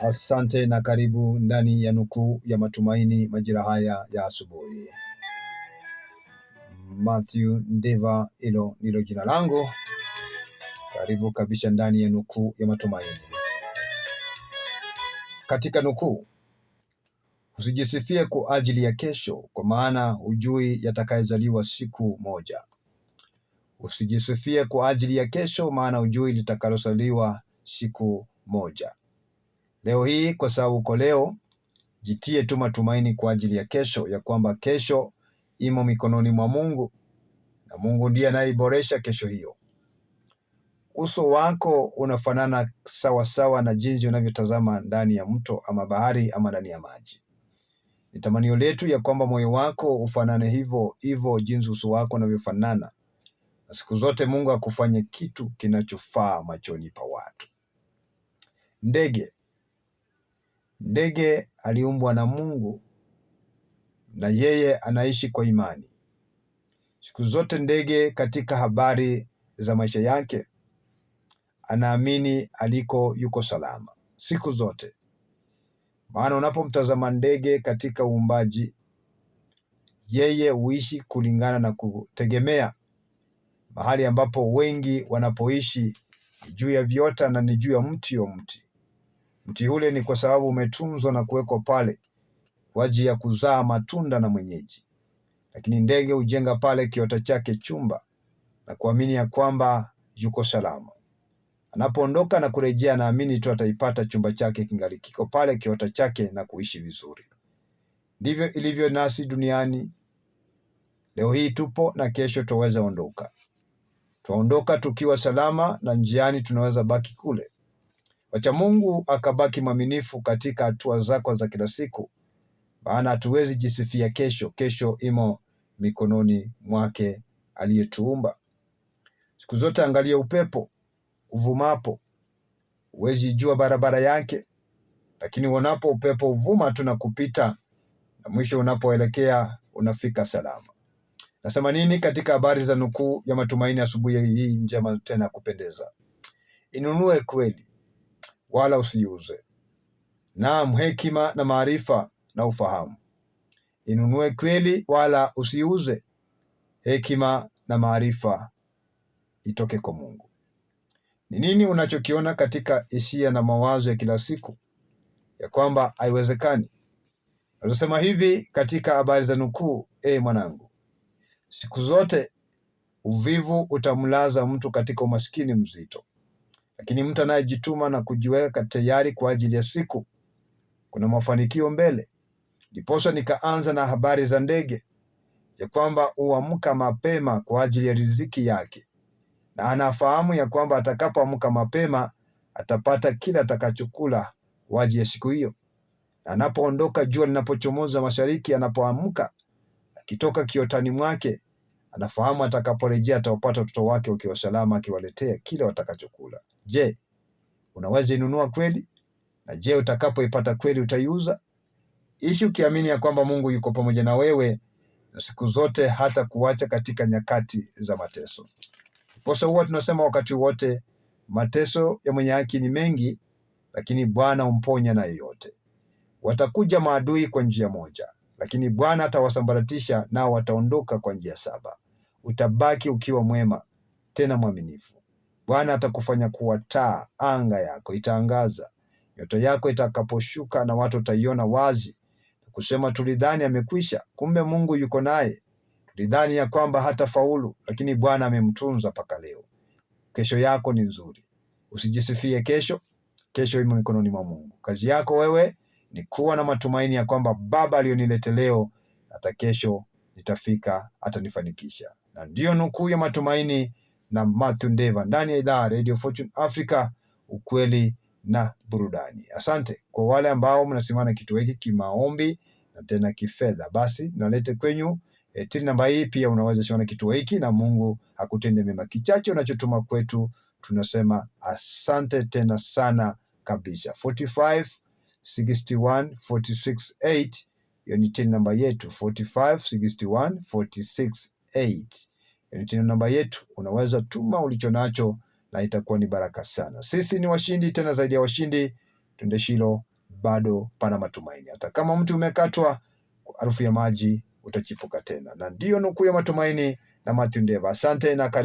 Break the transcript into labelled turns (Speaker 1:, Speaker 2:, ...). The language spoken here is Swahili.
Speaker 1: Asante na karibu ndani ya nukuu ya matumaini majira haya ya asubuhi. Mathew Ndeva, hilo ndilo jina langu. Karibu kabisa ndani ya nukuu ya matumaini. Katika nukuu, usijisifie kwa ajili ya kesho, kwa maana hujui yatakayozaliwa siku moja. Usijisifie kwa ajili ya kesho, maana hujui litakalozaliwa siku moja. Leo hii kwa sababu uko leo, jitie tu matumaini kwa ajili ya kesho, ya kwamba kesho imo mikononi mwa Mungu na Mungu ndiye anayeiboresha kesho hiyo. Uso wako unafanana sawasawa sawa na jinsi unavyotazama ndani ya mto ama bahari ama ndani ya maji. Ni tamanio letu ya kwamba moyo wako ufanane hivyo hivyo, jinsi uso wako unavyofanana, na siku zote Mungu akufanye kitu kinachofaa machoni pa watu. Ndege Ndege aliumbwa na Mungu na yeye anaishi kwa imani siku zote. Ndege katika habari za maisha yake anaamini aliko yuko salama siku zote, maana unapomtazama ndege katika uumbaji, yeye huishi kulingana na kutegemea mahali ambapo wengi wanapoishi juu ya viota na ni juu ya mti yo mti Mti ule ni kwa sababu umetunzwa na kuwekwa pale kwa ajili ya kuzaa matunda na mwenyeji. Lakini ndege hujenga pale kiota chake chumba na kuamini ya kwamba yuko salama. Anapoondoka na kurejea, naamini tu ataipata chumba chake kingali kiko pale kiota chake na kuishi vizuri. Ndivyo ilivyo nasi duniani. Leo hii tupo na kesho twaweza ondoka. Twaondoka tukiwa salama na njiani tunaweza baki kule Wacha Mungu akabaki mwaminifu katika hatua zako za kila siku, maana hatuwezi jisifia kesho. Kesho imo mikononi mwake aliyetuumba. Siku zote angalia upepo uvumapo, huwezi jua barabara yake, lakini uonapo upepo uvuma tu na kupita, na mwisho unapoelekea unafika salama. Nasema nini katika habari za nukuu ya matumaini asubuhi hii njema tena kupendeza? Inunue kweli wala usiuze. Naam, hekima na maarifa na ufahamu, inunue kweli wala usiuze. Hekima na maarifa itoke kwa Mungu. Ni nini unachokiona katika hisia na mawazo ya kila siku ya kwamba haiwezekani? Unasema hivi katika habari za nukuu: E mwanangu, siku zote uvivu utamlaza mtu katika umaskini mzito, lakini mtu anayejituma na kujiweka tayari kwa ajili ya siku, kuna mafanikio mbele. Ndiposa nikaanza na habari za ndege, ya kwamba huamka mapema kwa ajili ya riziki yake, na anafahamu ya kwamba atakapoamka mapema atapata kila atakachokula kwa ajili ya siku hiyo. Na anapoondoka, jua linapochomoza mashariki, anapoamka akitoka kiotani mwake, Anafahamu atakaporejea atawapata watoto wake wakiwa salama, akiwaletea kile watakachokula. Je, unaweza inunua kweli? Na je, utakapoipata kweli utaiuza? Ishi ukiamini ya kwamba Mungu yuko pamoja na wewe na siku zote, hata kuacha katika nyakati za mateso. Posa huwa tunasema wakati wote, mateso ya mwenye haki ni mengi, lakini Bwana umponya na yote. Watakuja maadui kwa njia moja, lakini Bwana atawasambaratisha nao wataondoka kwa njia saba utabaki ukiwa mwema tena mwaminifu. Bwana atakufanya kuwa taa, anga yako itaangaza, nyota yako itakaposhuka, na watu wataiona wazi na kusema, tulidhani amekwisha, kumbe Mungu yuko naye. Tulidhani ya kwamba hata faulu, lakini Bwana amemtunza mpaka leo. Kesho yako ni nzuri, usijisifie kesho. Kesho imo mikononi mwa Mungu. Kazi yako wewe ni kuwa na matumaini ya kwamba Baba aliyonilete leo, hata kesho nitafika, atanifanikisha na ndiyo nukuu ya matumaini na Mathew Ndeva ndani ya idhaa Radio Fortune Africa, ukweli na burudani. Asante kwa wale ambao mnasimama na kituo hiki kimaombi na tena kifedha, basi nalete kwenyu e, eh, tini namba hii pia unaweza simama na kituo hiki, na Mungu akutende mema. Kichache unachotuma kwetu, tunasema asante tena sana kabisa. 45 61 46 8 hiyo ni tini namba yetu 45 61 46 8. 8. Ni yaani namba yetu, unaweza tuma ulicho nacho na itakuwa ni baraka sana. Sisi ni washindi, tena zaidi ya washindi. Twende Shilo, bado pana matumaini. Hata kama mti umekatwa, harufu ya maji utachipuka tena, na ndiyo nukuu ya matumaini na Mathew Ndeva. Asante na